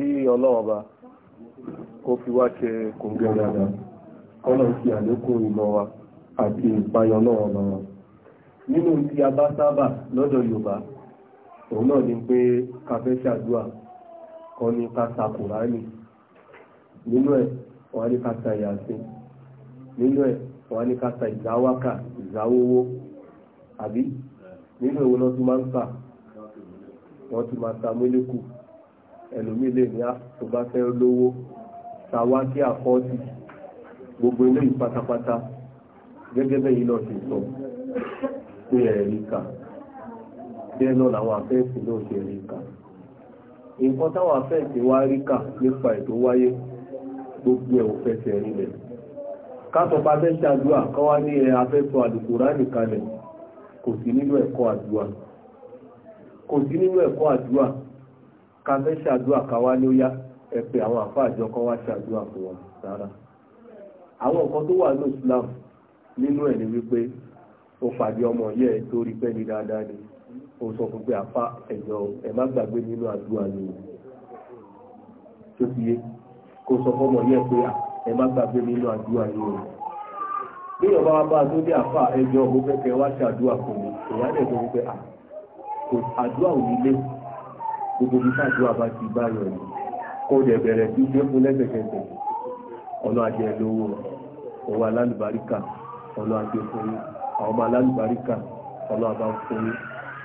kí ọlọ́run bá kó fi wá ṣe àlékún wa àti náà nínú tí a bá sábà lọ́dọ̀ yorùbá òun náà ni pé ká fẹ́ ṣàdúrà ní ká kùránì nínú ẹ̀ wọ́n ní nínú ẹ̀ wọ́n ní ká ìzáwákà ìzáwówó àbí nínú ìwọ́n tún máa ń ta wọ́n tún máa ta ẹlòmí lè ní tó bá fẹ́ lówó tàwa kí àkọ́ọ̀tì gbogbo ilé yìí pátápátá gẹ́gẹ́ bẹ́yìn náà ti sọ pé ẹ̀rí kà bẹ́ẹ̀ náà làwọn afẹ́ẹ̀sì náà ṣe rí kà nǹkan táwọn afẹ́ẹ̀sì wá rí kà nípa ètò wáyé gbogbo ẹ̀ ò fẹsẹ̀ rinlẹ̀ kátọ̀pá fẹ́ ṣàdúrà kọ́ wá ní ẹ afẹ́sọ àlùkùránì kalẹ̀ kò sí nínú ẹ̀kọ́ àdúrà kò sí nínú ẹ̀kọ́ àdúrà ká fẹ́ ṣàdúrà ká wá ní ó yá ẹ pé àwọn àfáàjọ kan wá ṣàdúrà fún wa rárá àwọn nǹkan tó wà ní Islam nínú ẹ̀ ni wípé ó pàdé ọmọ yẹ ẹ torí pẹ́ ní dáadáa ni ó sọ fún pé àfa ẹ̀jọ̀ ẹ má gbàgbé nínú àdúrà ni tó ti yé kó sọ fọmọ yẹ pé ẹ má gbàgbé nínú àdúrà ni o bí ọba wa bá a tó dé àfa ẹ̀jọ̀ òun fẹ́ kẹ́ wá ṣàdúrà fún mi ìyá dẹ̀ tó wípé àdúrà ò ní gbogbo bí sáàdúrà bá ti bá yọ̀ ní kó dẹ̀ bẹ̀rẹ̀ sí gbé fún lẹ́sẹ̀kẹsẹ̀ ọ̀nà àjẹ lówó owó alálùbáríkà ọ̀nà àjẹ fún yín àwọn ọmọ alálùbáríkà ọ̀nà àbá fún yín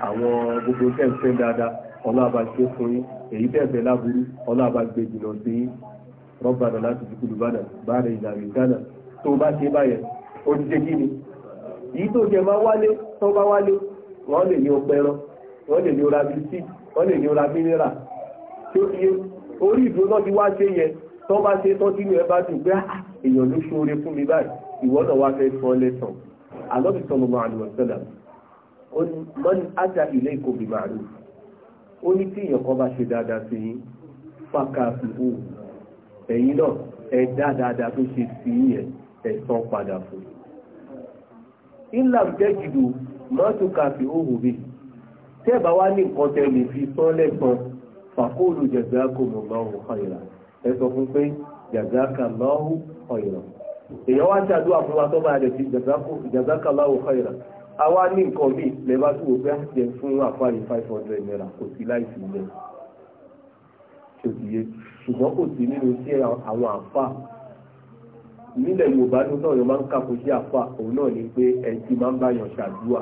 àwọn gbogbo tẹ̀ ń fẹ́ dáadáa ọ̀nà àbá ṣe fún yín èyí tẹ̀ fẹ́ láburú ọ̀nà àbá gbé jùlọ sí yín láti fi kúlù bàdàn bàdàn ìlànà ìdáná tó bá ṣe báyẹn ó ti ṣe kí ni èyí tó jẹ máa wálé tó bá wálé wọ́n lè ní ọpẹran wọ́n lè ní ọra bíi wọ́n lè ní ọ̀rá mínírà tó yé orí ìdúró náà ti wá ṣe yẹn tó bá ṣe tán sínú ẹ bá dùn pé ah, ah, èèyàn ló ṣoore fún mi báyìí ìwọ náà wá fẹ́ sọ lẹ́sàn àlọ́bì sọ̀rọ̀ máa lù ọ̀sẹ̀dà ó ní mọ́ni ájà ilé ìkòbí máa lù ó ní tí èèyàn kan bá ṣe dáadáa sí yín fàkà fìbò ẹ̀yìn náà ẹ̀ dáadáa tó ṣe sí yẹn ẹ̀sán padà fún tẹ́ bá wá ní nǹkan tẹ́ lè fi sán lẹ́gbọ̀n fàkóòlù jazakumullahu khayran ẹ sọ fún pé jazakallahu khayran èèyàn wá ṣàdúrà fún wa tó bá yàtọ̀ sí jazakallahu khayran àwa ní nǹkan míì lẹ́bàá tó wò pé àṣẹ fún àfáàrí five hundred naira kò sí láìsí ilẹ̀ ṣòdìye ṣùgbọ́n kò sí nínú iṣẹ́ àwọn àfà nílẹ̀ Yorùbá tó náà yọ máa ń kàkó sí àfà òun náà ni pé ẹ ti máa ń báyàn ṣàdúrà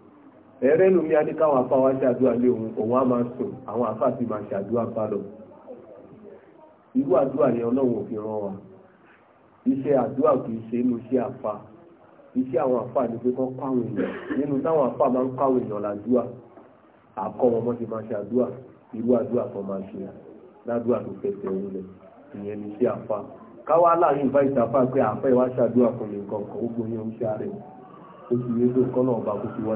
ẹ̀rẹ́ lómi adé káwọn afá wa ṣàdúrà lé òun òun á máa sùn àwọn afá sì máa ṣàdúrà fálọ̀ irú àdúrà yẹn ọlọ́run ò fi ràn wá iṣẹ́ àdúrà kì í ṣe inú iṣẹ́ àfà iṣẹ́ àwọn àfà ni pé kán káwọn èèyàn nínú táwọn àfà máa ń káwọn èèyàn làdúrà àkọ́ wọn mọ́ ti máa ṣe irú àdúrà kan máa ṣe ládùúrà tó fẹsẹ̀ rinlẹ̀ ìyẹn ni iṣẹ́ àfà káwá láàrin ìbá ìtàfà pé àfẹ́ wa ṣàdúrà fún mi nǹkan kan ó gbóyún iṣẹ́ rẹ̀ o ti yé tó kọ́nà ọba kó fi wá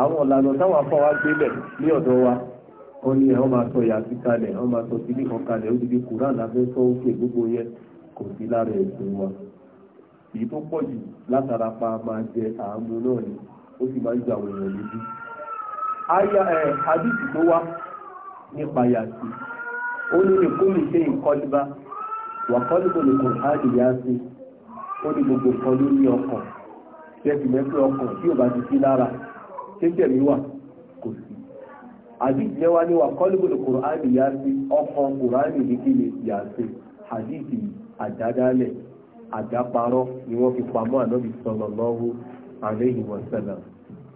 àwọn ọ̀lànà táwọn afọwá gbélẹ̀ ní ọ̀dọ́ wa wọ́n ní ẹ̀họ́n máa sọ yàtí kalẹ̀ ẹ̀họ́n máa sọ ó dìde kùrán sọ gbogbo yẹn kò sí lára ẹ̀sìn wa èyí tó pọ̀ jù látara pa máa jẹ àánú náà ni ó sì máa ń àwọn lójú aya nípa ó ní ní kó ṣe ní tẹ́sí mẹ́fẹ́ ọkàn tí ò bá ti sí lára tẹ́jẹ̀ mi wà kò sí àdìsí yẹn wá ní wa kọ́lùbùlù kùránì yá sí ọkàn kùránì ní kíni yá sí àdìsí àdádálẹ̀ àdáparọ́ ni wọ́n fi pamọ́ ànábì sallallahu alayhi wa sallam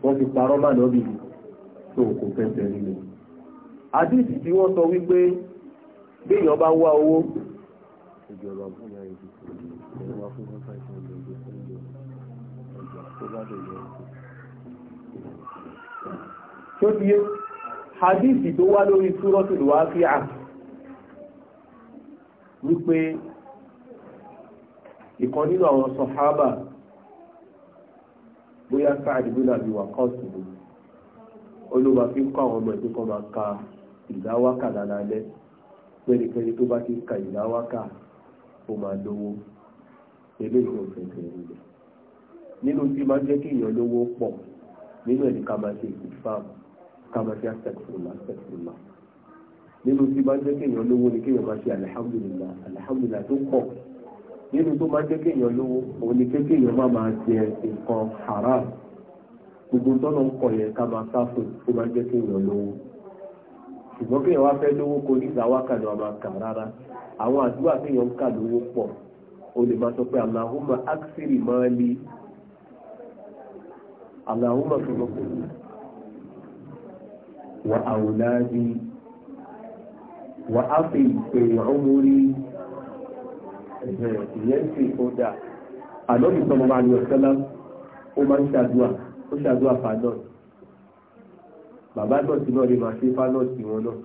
wọ́n fi parọ́ mọ́ ànábì tó kò fẹsẹ̀ nílẹ̀ àdìsí tí wọ́n sọ wípé béèyàn bá wá owó ìjọba fún yàrá ìdìbò ìjọba fún yàrá ìdìbò gbádùn yẹn tó ti yé hadithi tó wá lórí súrọ́tùlù wá sí à wípé ìkan nínú àwọn sọ̀hábà bóyá sáàdì bí nàbí wà fi ń kọ́ àwọn ka ìdáwákà lálálẹ́ pẹ́rẹpẹ́rẹ tó ti ka nínú tí máa jẹ́ kí èèyàn lówó pọ̀ nínú ẹ̀ ní ká máa ṣe ìfàm ká máa ṣe astaghfirullah astaghfirullah nínú tí máa jẹ́ kí èèyàn lówó ni kéèyàn máa ṣe alhamdulillah alhamdulillah tó pọ̀ nínú tó máa jẹ́ kí èèyàn lówó òun ni pé kéèyàn má máa jẹ nǹkan haram gbogbo tọ́nà ń kọ̀ yẹn ká máa sá fún tó máa jẹ́ kí èèyàn lówó ṣùgbọ́n kéèyàn wá fẹ́ lówó kó ní ìdáwákà ni wọ́n máa kà rárá àwọn àdúrà kéèyàn ń kà lówó pọ̀ o lè máa sọ pé Allahumma aksiri mali اللهم ارزقني وأولادي وأقي في عمري ينفي قدا النبي صلى الله عليه وسلم ومن شادوا وشادوا فانوت bàbá náà ti náà lè máa ṣe fánọ́ọ̀tì wọn náà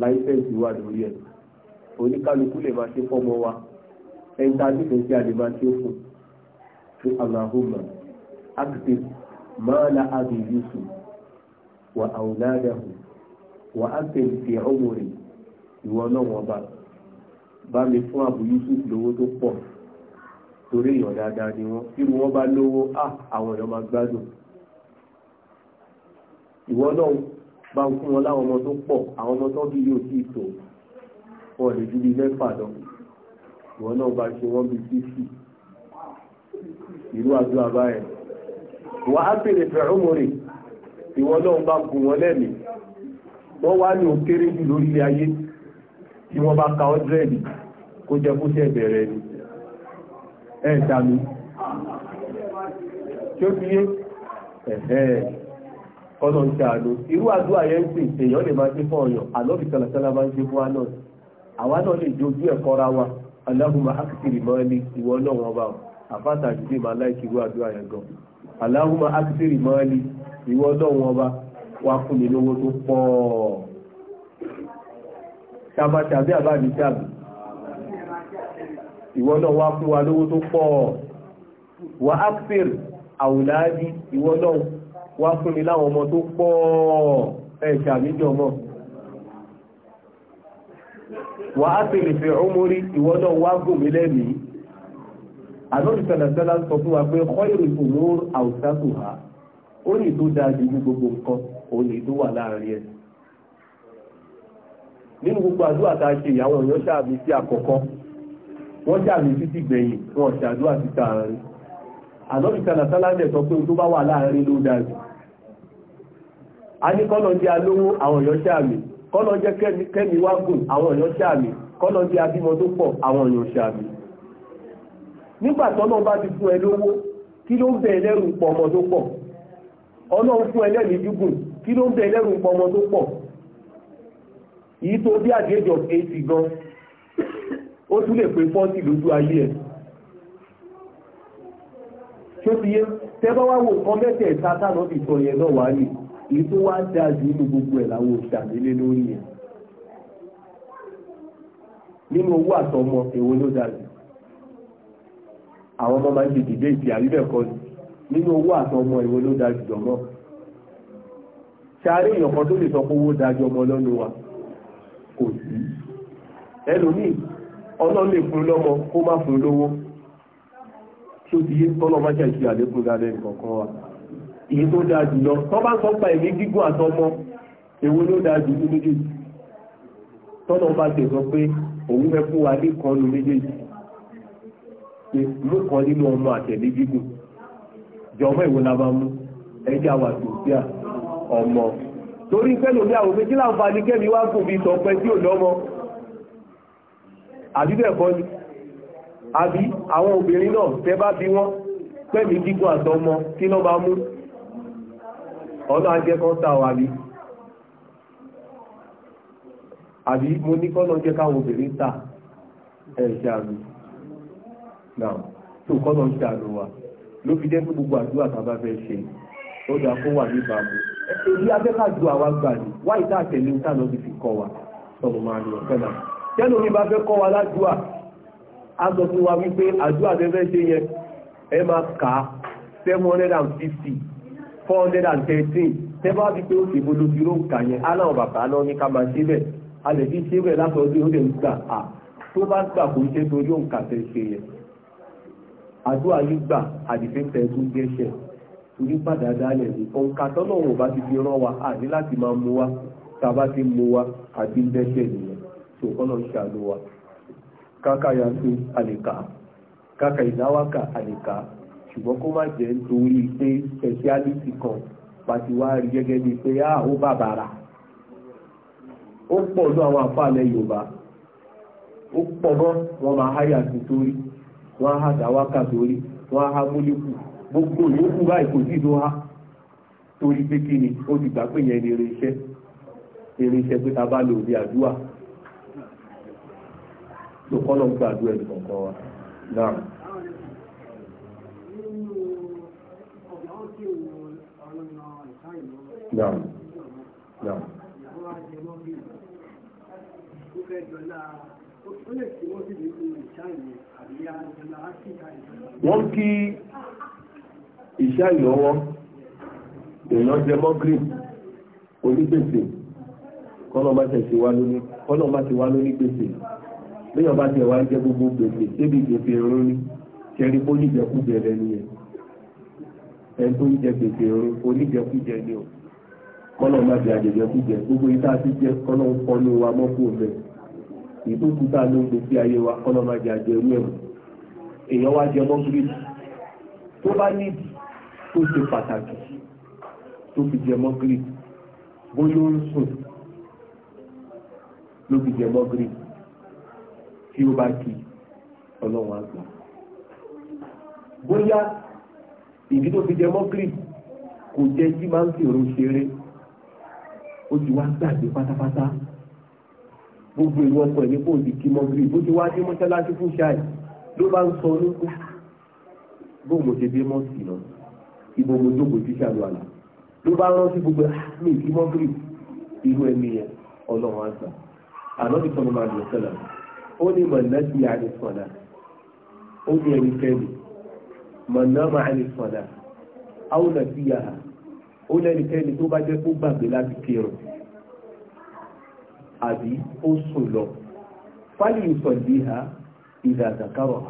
láìsẹ̀ǹsì wà lórí ẹ̀ oníkálukú lè máa ṣe fọ́mọ wa ẹ̀ńtà nífẹ̀ẹ́ sí a lè máa ṣe fún fún àlàhùnmá أكتب مال أبي يوسف وأولاده وأكتب في عمري ìwọ náà wọ́n bá bá mi fún àbú Yusuf lówó tó pọ̀ torí èèyàn dáadáa ni wọ́n bí wọ́n bá lówó ah, àwọn èèyàn máa gbádùn ìwọ náà bá ń fún wọn láwọn ọmọ tó pọ̀ àwọn ọmọ tó bí yóò sì tó wọn lè ju bí mẹ́fà lọ ìwọ náà bá ṣe wọ́n bí fífì ìlú àdúrà báyìí wà á pèrè fẹ̀rọ̀mọ̀rẹ̀ ìwọ náà bá gùn wọn lẹ́mìí wọ́n wá ní òkèrè jù lórí ilé ayé tí wọ́n bá ka ọ́dẹ́rẹ́dì kó jẹ kó tẹ́ bẹ̀rẹ̀ ni ẹ̀ dàmí tí ó fi yé ẹ̀ẹ́ ọ̀nà ìṣàánú irú àdúrà yẹn ń pè èèyàn lè máa ṣe fún ọ̀yàn àlọ́bì tọ́lọ̀tọ́lá máa ń ṣe fún àná àwa náà lè jojú ẹ̀kọ́ ra wa aláhùnmá ákìtìrì mọ́ ẹni ìwọ náà wọn bá àfáàtà jùlé máa láìkì irú àdúrà yẹn gan aláhùnmá ákítírì máa lè ìwọ ọlọ́run ọba wá fún mi lówó tó pọ̀ ṣàbàṣàbí àbáàdì ṣàbì ìwọ náà wá fún wa lówó tó pọ̀ wà ákítírì àwòláàdì ìwọ náà wá fún mi láwọn ọmọ tó pọ̀ ẹ̀ ṣàmíjọ mọ́ wà á fẹ́ ọmọ rí ìwọ náà wá gùn mí lẹ́mìí àlọ́rì sẹlẹ̀sẹlẹ̀ sọ fún wa pé kọ́ìrì òmùúr àwùsàtù ha ó lè tó dáa ju ní gbogbo nǹkan ó lè tó wà láàrin ẹ̀ nínú gbogbo àdúrà tá a ṣe ìyàwó èèyàn ṣàmì sí àkọ́kọ́ wọ́n ṣàmì sí ti gbẹ̀yìn wọn ṣàdúrà sí tààrin àlọ́rì sẹlẹ̀sẹlẹ̀ dẹ̀ sọ pé tó bá wà láàrin ló dáa jù a ní kọ́lọ̀ jẹ́ alówó àwọn èèyàn ṣàmì kọ́lọ̀ jẹ́ kẹ́mi wá àwọn èèyàn ṣàmì kọ́lọ̀ jẹ́ abímọ tó pọ̀ àwọn èèyàn ṣàmì nígbà tọ́nà bá ti fún ẹ lówó kí ló ń bẹ ẹlẹ́rù pọ̀ ọmọ tó pọ̀ ọlọ́run fún ẹlẹ́rìí dúgùn kí ló ń bẹ ẹlẹ́rù pọ̀ ọmọ tó pọ̀ yìí tó bí àdéjọ eighty gan ó tún lè pé forty lójú ayé ẹ̀ tó ti yé tẹ́bá wá wò kan mẹ́tẹ̀ẹ̀ta tánà ti sọ yẹn náà wá rí èyí tó wá dáa jù nínú gbogbo ẹ̀ láwọn òṣàlélé lórí ẹ̀ nínú owó àtọmọ èwo ló dáa jù àwọn ọmọ máa ń dìde dé ìdí àríbẹ̀kọ́ nínú owó àtọmọ ìwọ ló da jùlọ ṣáré èèyàn kan tó lè ọmọ lọ́nu wa kò sí ẹlòmíì ọlọ́run lè fún lọ́mọ kó má fún lówó tí ó ti yé tọ́lọ́ má wa èyí tó dáa bá ń sọ pa ẹ̀mí gígùn àtọmọ èwo ló dáa jù méjèèjì tọ́lọ́ sọ pé òun fẹ́ fún wa ní kan lu pé mú kan nínú ọmọ àtẹ̀lé gígùn jọmọ ìwò la máa mú ẹjẹ́ àwọn àtòsíà ọmọ torí pẹ́lú ní àwọn méjì láǹfààní kẹ́mi wá gùn bí sọpẹ́ tí ò lọ́mọ àbíbẹ̀kọ́ ni àbí àwọn obìnrin náà tẹ́ bá bí wọ́n pẹ́mi gígùn àtọmọ kí lọ́ máa mú ọlọ́ ajẹ́ kan ta wà ní àbí mo ní kọ́ lọ jẹ́ káwọn obìnrin ta ẹ̀ṣẹ̀ àmì náà tó kọ́ lọ́n ṣàánú wa ló fi jẹ́ gbogbo àdúrà tá a bá fẹ́ ṣe ó dáa kó wà níbàámu èyí afẹ́kàdù àwa gbà ní wá ìta àtẹ̀lé ń fi kọ́ wa sọ̀rọ̀ máa ní ọ̀fẹ́ náà tẹ́lò mi bá fẹ́ kọ́ wa ládùúà a sọ fún wa wípé àdúrà fẹ́fẹ́ ṣe yẹn ẹ máa kà á seven hundred and fifty four hundred and thirteen tẹ́ bá pé ó bolo ń kà yẹn a àdúrà yìí gbà àdìfẹ́fẹ́ tó gẹ́ṣẹ̀ torí pàdádá lẹ̀ ní òǹkà ọwụwa bá ti fi rán wa àní láti máa mú wa tàbá ti mú wa àti ń nìyẹn tó kọ́nà wa tó àlèkà ìdáwákà àlèkà ṣùgbọ́n kó má jẹ́ nítorí kan pàti wá rí gẹ́gẹ́ bíi pé á ah, ó bàbàrà ó pọ̀ àwọn Yorùbá ó pọ̀ mọ́ wọn wọ́n á hàdà wákà sórí wọ́n á há mólíkù gbogbo yòókù báyìí kò sí tó há torí pé kí ni ó ti gbà pé yẹn ni irinṣẹ́ irinṣẹ́ pé ta bá lò ní àdúrà tó kọ́ lọ́n gbàdúrà ẹ̀ kọ̀ọ̀kan wa náà. Naam. Naam wọ́n kí ìṣá ìlọ́wọ́ èèyàn jẹ mọ́gírì onígbèsè kọ́nà bá ti wá lóní gbèsè léèyàn bá ti wá jẹ gbogbo gbèsè débi gbèsè ìrún ni kẹrin oníjẹkújẹ lẹ́nu yẹn ẹni tó jẹ gbèsè ìrún oníjẹkújẹ ni ọ kọ́nà bá ti àjẹjẹkújẹ gbogbo ìta ti jẹ kọ́nà ń kọ́ ní wa mọ́kù ọ̀fẹ́ ìtòkù tá a ló ń gbèsè ayé wa kọ́nà máa jẹ àjẹ ewé ẹ̀wọ̀n èèyàn wá jẹ mọ́gírìtì tó bá nídìí tó ṣe pàtàkì tó fi jẹ mọ́gírìtì bóyá ó ń sùn ló fi jẹ mọ́gírìtì tí ó bá kí ọlọ́run àgbà bóyá ìdí tó fi jẹ mọ́gírìtì kò jẹ́ kí máa ń fi òru ṣeré ó ti wá gbàgbé pátápátá gbogbo ìwọ ọkọ ẹ̀ ní kò di kí mọ́gírì bó ti wá dé mọ́ṣáláṣí fún ṣáì ló bá ń sọ ní pé bó mo ṣe dé mọ́ọ̀sì náà ibo mo jókòó sí ṣàlù àlà ló bá rántí gbogbo ah, mi kí mọ́gírì irú ẹni yẹn ọlọ́run àgbà ànábi sọ̀rọ̀ máa lọ sẹ́lẹ̀ ó ní mọ̀lẹ́sì àdìsọ̀dà ó ní ẹni kẹ́mi mọ̀nàmà àdìsọ̀dà áwùnà síyà ó lẹ́ni kẹ́mi tó bá jẹ́ kó gbàgbé láti kírun àbí ó sùn lọ fálì ìsọ̀dìhà ìdàdàkárọ̀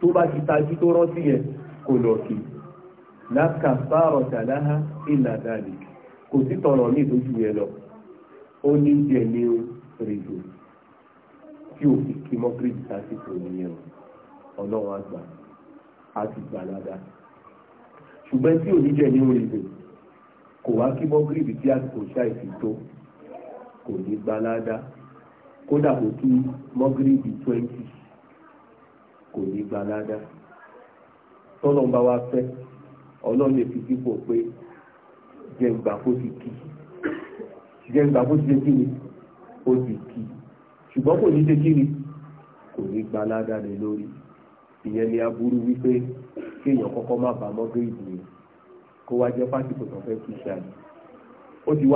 tó bá ti tajú tó rántí yẹn kò lọ kí láka fáàrọ̀ tàláhà ìlàdàlì kò sí tọrọ ní ìtọ́jú yẹn lọ ó ní jẹ ní rìndò tí ò fi kí mọ́kìrìdì sásìkò nìyẹn ọlọ́run àgbà àti gbàládà ṣùgbọ́n tí ò ní jẹ ní rìndò kò wá kí mọ́kìrìdì tí àsìkò ṣáìsì tó kò ní gbalada kódà kò kí mọ́gírìbì kò ní gbalada tọ́lọ̀ ń bá wa fẹ́ ọlọ́run lè fi dípò pé jẹ̀ǹgbà kó ti kí ṣùgbọ́n kò ní ṣe kò ní gbalada rẹ lórí ìyẹn ni aburú wípé kéèyàn kọ́kọ́ má ba mọ́gírìbì yẹn kó wá jẹ́ tó fẹ́ kí ó ti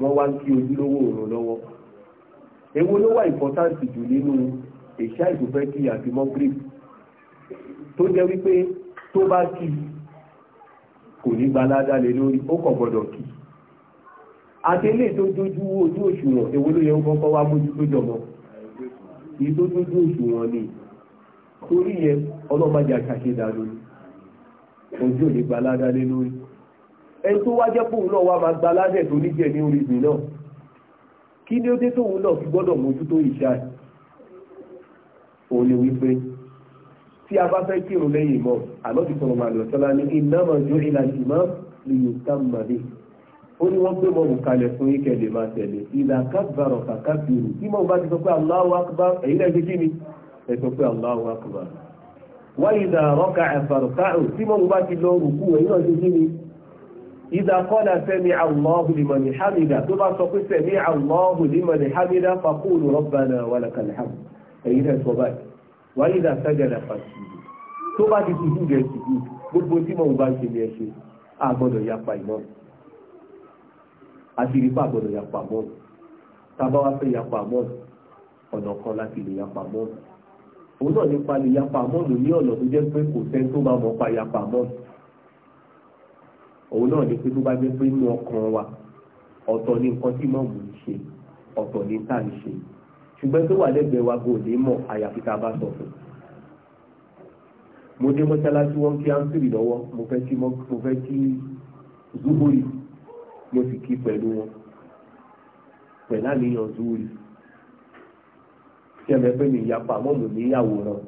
wọ́n wá ń kí ojúlówó òrùn lọ́wọ́ èwo ló wà ìfọ́táǹtì jù nínú ìṣá ìdúpẹ́ kí àti mọ́gírì tó jẹ́ wípé tó bá kí kò ní gbalada lé lórí ó kò gbọ́dọ̀ kí àti ilé tó dójú ojú òṣùwọ̀n èwo ló yẹ ó kọ́kọ́ wá mójú tó jọmọ́ èyí tó dójú òṣùwọ̀n ni torí yẹ ọlọ́mọdé àkàṣe dànù ojú ò ní gbalada lé lórí ẹni tó wá jẹ́ pòun náà wá máa gba aládẹ̀ tó níjẹ̀ ní orí ìgbìn náà kí ni ó dé tóun náà fi gbọ́dọ̀ mójútó ìṣá ẹ̀ òun ni wípé tí a bá fẹ́ kírun lẹ́yìn mọ́ àlọ́bí sọ̀rọ̀ màlì ọ̀tọ́lá ní iná máa jó ìlànà ìmọ̀ lèyìn ká màdé ó ní wọ́n gbé mọ́mù kalẹ̀ fún yín kẹ́lẹ̀ máa tẹ̀lé ìlà kábàrọ̀ kàkà bìrù tí mọ́mù bá ti sọ pé Allahu akbar èyí náà ṣe kí ni ẹ sọ pé Allahu akbar wáyé ìdàrọ́kà ẹ̀fàrọ̀kà tí mọ́mù bá ti lọ rùkú èyí náà ṣe kí ni ìdá kọ́lá sẹ́mi Allahu liman hamida tó bá sọ pé sẹ́mi Allahu liman hamida faqulu rabbana walakal hamd ẹ̀yìn rẹ̀ sọ báyìí wà ìdá sajada fàṣìlì tó bá ti tìjú rẹ̀ tìjú gbogbo tí mo bá ń ṣe ní ẹ ṣe àgbọ̀dọ̀ yapa ìmọ̀ àti ìrìpá àgbọ̀dọ̀ yapa mọ́ tábà òun náà ni pé tó bá jẹ́ pé inú ọkàn wa ọ̀tọ̀ ni nǹkan tí mọ̀mù ń ṣe ọ̀tọ̀ ni tá à ń ṣe ṣùgbọ́n tó wà lẹ́gbẹ̀ẹ́ wa kò ní mọ̀ àyàfi tá a bá sọ fún mo dé mọ́ṣáláṣí wọn kí ánsìrì lọ́wọ́ mo fẹ́ kí mo fẹ́ kí zúbúrì mo sì kí pẹ̀lú wọn pẹ̀lú àníyàn zúbúrì tí ẹ̀mẹ́fẹ́ mi yapa mọ́ mo ní àwòrán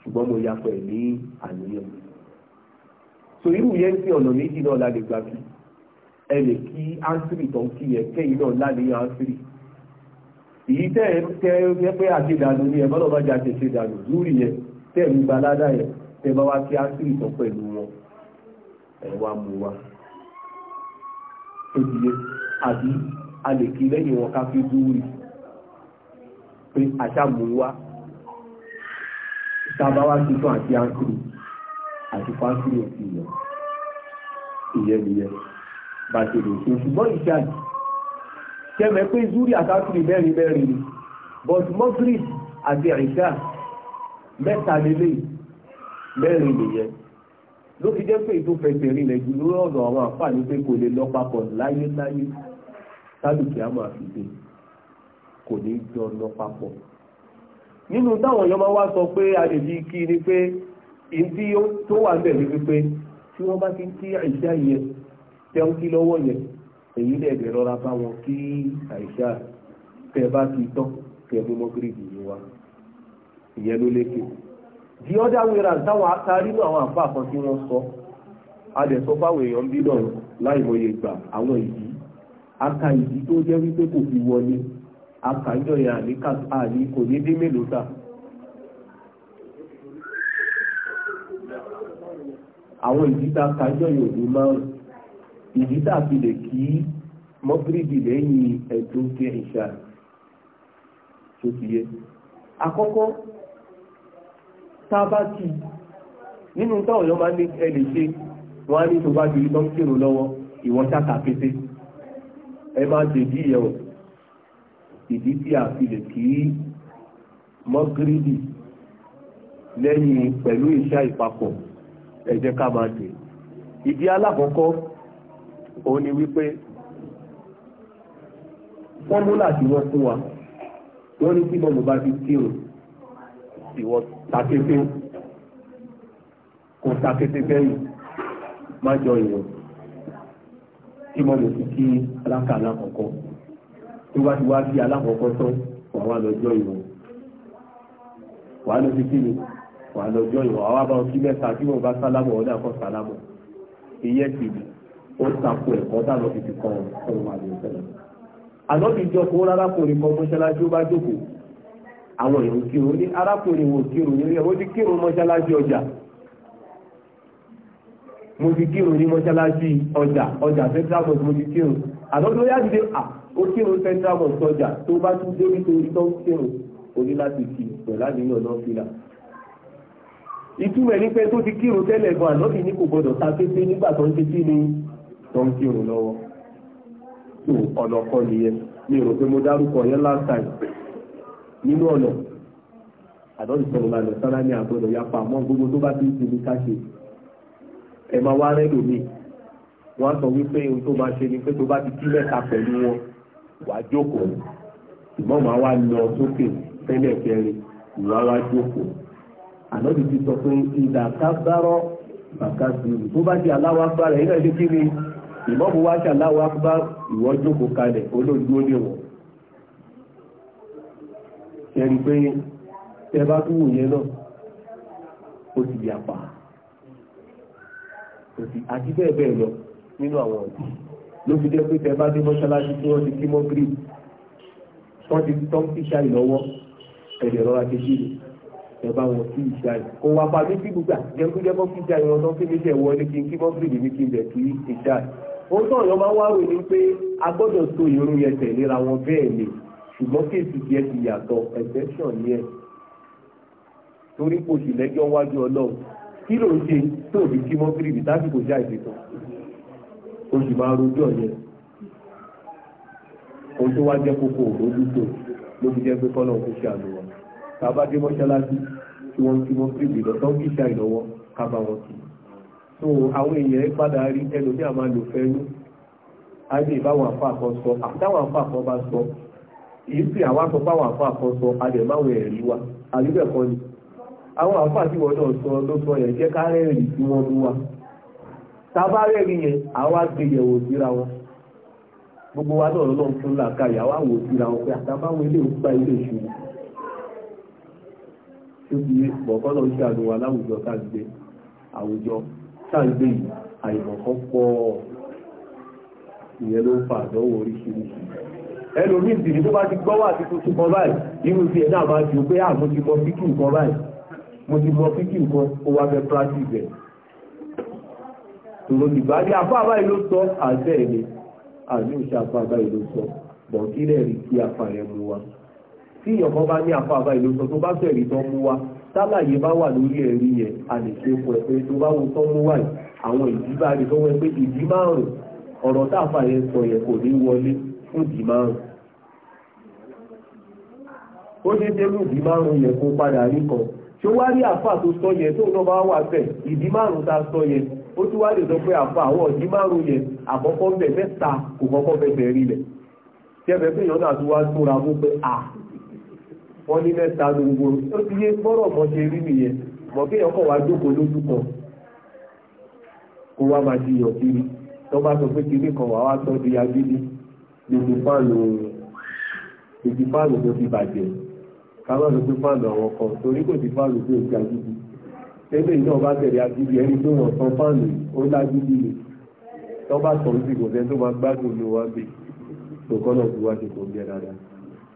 ṣùgbọ́n mo yapa ẹ̀ ní àníyàn mi so irú yẹn ń pè ọ̀nà méjì náà la lè gbà bí ẹ lè kí ánsírì tó ń kí yẹn kẹ́yìn náà láléyàn ánsírì èyí tẹ́ ẹ tẹ́ ẹ pé àṣedànù ni ẹ bọ́lọ́ bá jẹ́ àṣeṣedànù lórí yẹn tẹ́ ẹ ń gba ládà yẹn tẹ́ bá wá kí ánsírì tó pẹ̀lú wọn ẹ wá mú wa tó ti yé àbí a lè kí lẹ́yìn wọn ká fi dúrì pé àṣà mú wa tá a bá wá sí fún àti ánsírì àti pàṣírí òsì yẹn ìyẹn nìyẹn bá ṣe lè ṣe ṣùgbọ́n ìṣáàjì kẹmẹ pé zuri àtàkùnrin mẹ́rin mẹ́rin ni but mọ́gírì àti àìṣà mẹ́ta lélẹ̀ mẹ́rin nìyẹn ló fi jẹ́ pé ètò fẹsẹ̀ rí lẹ́jù lórí ọ̀dọ̀ àwọn àǹfààní pé kò lè lọ papọ̀ láyé láyé tálùkì àmọ́ àfìdé kò ní jọ lọ papọ̀ nínú táwọn èèyàn máa wá sọ pé a lè fi kí ni pé ìdí tó wà bẹ́ẹ̀ ni wípé tí wọ́n bá ti ń kí àìṣá yẹn tẹ́ ń kí lọ́wọ́ yẹn èyí dẹ̀ bẹ̀ rọra bá wọn kí àìṣá tẹ́ bá ti tán kẹ́ mú mọ́gírìdì yìí wá ìyẹn ló lékè di ọ́dà wíra táwọn atarínú àwọn àfáà kan tí wọ́n sọ adẹ̀sọ fáwọn èèyàn bí náà láì mọye gbà àwọn ìdí aka ìdí tó jẹ́ wípé kò fi wọlé aka ìjọ yẹn àníkà àní kò ní dé mélòó àwọn ìdíta kájọ yòòdù márùn ìdíta fi lè kí mọ́gírìbì lẹ́yìn ẹ̀tọ́ tẹ ìṣà tó ti yẹ àkọ́kọ́ tá a bá kí nínú táwọn èèyàn máa ní ẹ lè ṣe wọ́n á ní tó bá ju ibi tó ń kírun lọ́wọ́ ìwọ́n ṣáta pété ẹ máa dèbí ìyẹ̀wò ìdí tí a fi lè kí mọ́gírìbì lẹ́yìn pẹ̀lú ìṣá ìpapọ̀ ẹ jẹ́ ká máa dè ìdí alákọ̀ọ́kọ́ òun ni wípé fọ́múlà tí wọ́n fún wa wọ́n ní tí bọ́ọ̀lù bá ti kírun ìwọ takété kò takété bẹ́yìn má jọ ìwọ̀n tí bọ́ọ̀lù ti kí alákà alákọ̀ọ́kọ́ tó bá wá kí alákọ̀ọ́kọ́ tán wà wá lọ́jọ́ ìwọ̀n wà á lọ sí kí ni wà lọ́jọ́ ìwà wà bá ọtí mẹ́ta tí wọ́n bá sálámù ọ̀dà kọ́ sálámù ìyẹ́ sì ni ó takò ẹ̀kọ́ dáná fi fi kọ́ ọ̀run àdìsẹ́lẹ̀ àlọ́bí ìjọkọ̀ arákùnrin kan mọ́ṣáláṣí ó bá jókòó àwọn èèyàn kírun ní arákùnrin wò kírun nílé ó ti kírun mọ́ṣáláṣí ọjà mo ti kírun ní mọ́ṣáláṣí ọjà ọjà central mosque mo ti kírun àlọ́bí ó yá dìde à ó kírun central mosque ọjà tó bá tún débi tó tó ń kírun o láti kí pẹ̀lú àníyàn náà fìlà ìtumọ̀ ní pé tó ti kírun tẹ́lẹ̀ gan ànọ́bì ní kò gbọdọ̀ ta pépé nígbà tó ń ṣe kí ni tó ń kírun lọ́wọ́ tó ọ̀nà kan nìyẹn mi rò pé mo dárúkọ yẹn last time nínú ọ̀nà àdọ́sí sọ̀rọ̀ lànà sára ní àgbọ̀dọ̀ yapa mọ́ gbogbo tó bá ti ń ṣe ní káṣe ẹ̀ máa wá rẹ́dò mi wọ́n á sọ wípé ohun tó máa ṣe ni pé tó bá ti kí mẹ́ta pẹ̀lú wọn wàá jókòó ìmọ̀ máa wá lọ sókè tẹ́lẹ̀ kẹrin ìwà wá jókòó ànábì ti sọ pé ìdà kábàárọ̀ bàkà sí i tó bá di Allahu Akbar rẹ̀ ilẹ̀ lékè ni ìmọ̀mù wá sí Allahu Akbar ìwọ́ jókòó kalẹ̀ olóògbé ó lè wọ̀. ṣẹ́ni pé tẹ bá tún wù yẹn náà ó ti di àpá àti bẹ́ẹ̀ bẹ́ẹ̀ lọ nínú àwọn ọ̀dọ́ ló fi jẹ́ pé tẹ bá dé mọ́ṣáláṣí tí wọ́n ti kí mọ́ gírì wọ́n ti tọ́ sí ṣáì lọ́wọ́ ẹ̀rẹ̀ rọra ti jí ni ẹ bá wọn kí ìṣá yìí kò wá pa mí sí gbígbà jẹ́kújẹ́kọ́ kí ìṣá yìí wọn tán kí méjì ẹ̀wọ́ ní kí n kí mọ́fìlì ní kí n bẹ̀ kí ìṣá yìí ó tán ọ̀yọ́ máa ń wá ròyìn pé a gbọ́dọ̀ so ìrun yẹn tẹ̀léra wọn bẹ́ẹ̀ ni ṣùgbọ́n kéèsì tiẹ̀ ti yàtọ̀ exception ni ẹ̀ torí kò sì lẹ́jọ́ wájú ọlọ́run kí ló ń ṣe tó fi kí mọ́fìlì tàbí kò já ìṣètò oṣù máa rojọ́ yẹn ohun tó wá jẹ́ kókó òdòdó tó ló fi jẹ́ pé kọ́lọ́ kó ṣe àlùwọ̀n tàbá dé mọ́ṣáláṣí tí wọ́n tí wọ́n pèsè lọ́tọ́ kí ṣá ìlọ́wọ́ ká bá wọn kì í so àwọn èèyàn padà rí ẹlòmí àmà lò fẹ́nu á lè báwọn àfa kan sọ àtàwọn àfa kan bá sọ èyí sì àwọn àtọ́ báwọn àfa kan sọ àdèmáwọn ẹ̀rí wa àbíbẹ̀ kan ni àwọn àfa tí wọ́n náà sọ ló sọ yẹn jẹ́ ká rẹ́rìí tí wọ́n mú wa tábà rẹ́rìí yẹn àwa gbéyẹ̀wò síra wọn gbogbo wa náà lọ́nà fún làkàyà wa wò síra wọn pé àtàbáwọn ilé òkúta ilé ìṣòro tó fi mọ̀kọ́lọ̀ ń ṣàánú wa láwùjọ káàgbé àwùjọ káàgbé yìí àìmọ̀kọ́ pọ̀ ìyẹn ló ń fa àdánwò oríṣiríṣi ẹlòmíì ìdìrí tó bá ti gbọ́ wà títún tún kan báyìí irú ti ẹ̀ náà bá ju pé à mo ti mọ fíkì nǹkan báyìí mo ti mọ fíkì nǹkan ó wá fẹ́ practice ẹ̀ tòrò ìgbà ní afá báyìí ló sọ àṣẹ ẹ̀ ni àmì òṣà afá báyìí ló sọ bọ̀kílẹ̀ rí kí afá yẹn wa tí ìyọ̀kan bá ní àfa àbá ìlú sọ tó bá fẹ̀rí tán mú wa tálàyé bá wà lórí ẹ̀rí yẹn a lè ṣe fún ẹ tó bá wo tán mú wà yìí àwọn ìdí bá tó wẹ pé ìdí márùn ọ̀rọ̀ táàfà yẹn sọ yẹn kò ní wọlé fún ìdí márùn ó ṣe ṣe lù ìdí márùn yẹn kó padà rí kan ṣó wá rí àfà tó sọ yẹn tó náà bá wà bẹ̀ ìdí márùn tá a sọ yẹn ó tún wá lè sọ pé àfà àwọn ìdí márùn yẹn àkọ́kọ́ bẹ̀ mẹ́ta kò kọ́kọ́ bẹ̀ bẹ̀ rí lẹ̀ tẹ́fẹ̀ẹ́ pé èèyàn náà tún wá túnra mú pé à wọ́n ní mẹ́ta ló gbogbo ó ti yé bọ́rọ̀ mọ́ ṣe rí nìyẹn mọ̀ bí ọkọ̀ wá jókòó lójú kan kó wá máa di yọ̀ kiri tó bá sọ pé kiri kan wà wá sọ di agídí lójú fáànù lójú fáànù tó ti bàjẹ́ ká má sọ àwọn kan torí kò sí fáànù tó ti agídí tẹ́lẹ̀ náà bá tẹ̀lé agídí ẹni tó wọ̀n san fáànù ó lágídí ni tó bá sọ̀rọ̀ sí kò fẹ́ tó máa gbádùn ló wá gbé tòkọ́nà tó wá ṣe kò ń dáadáa.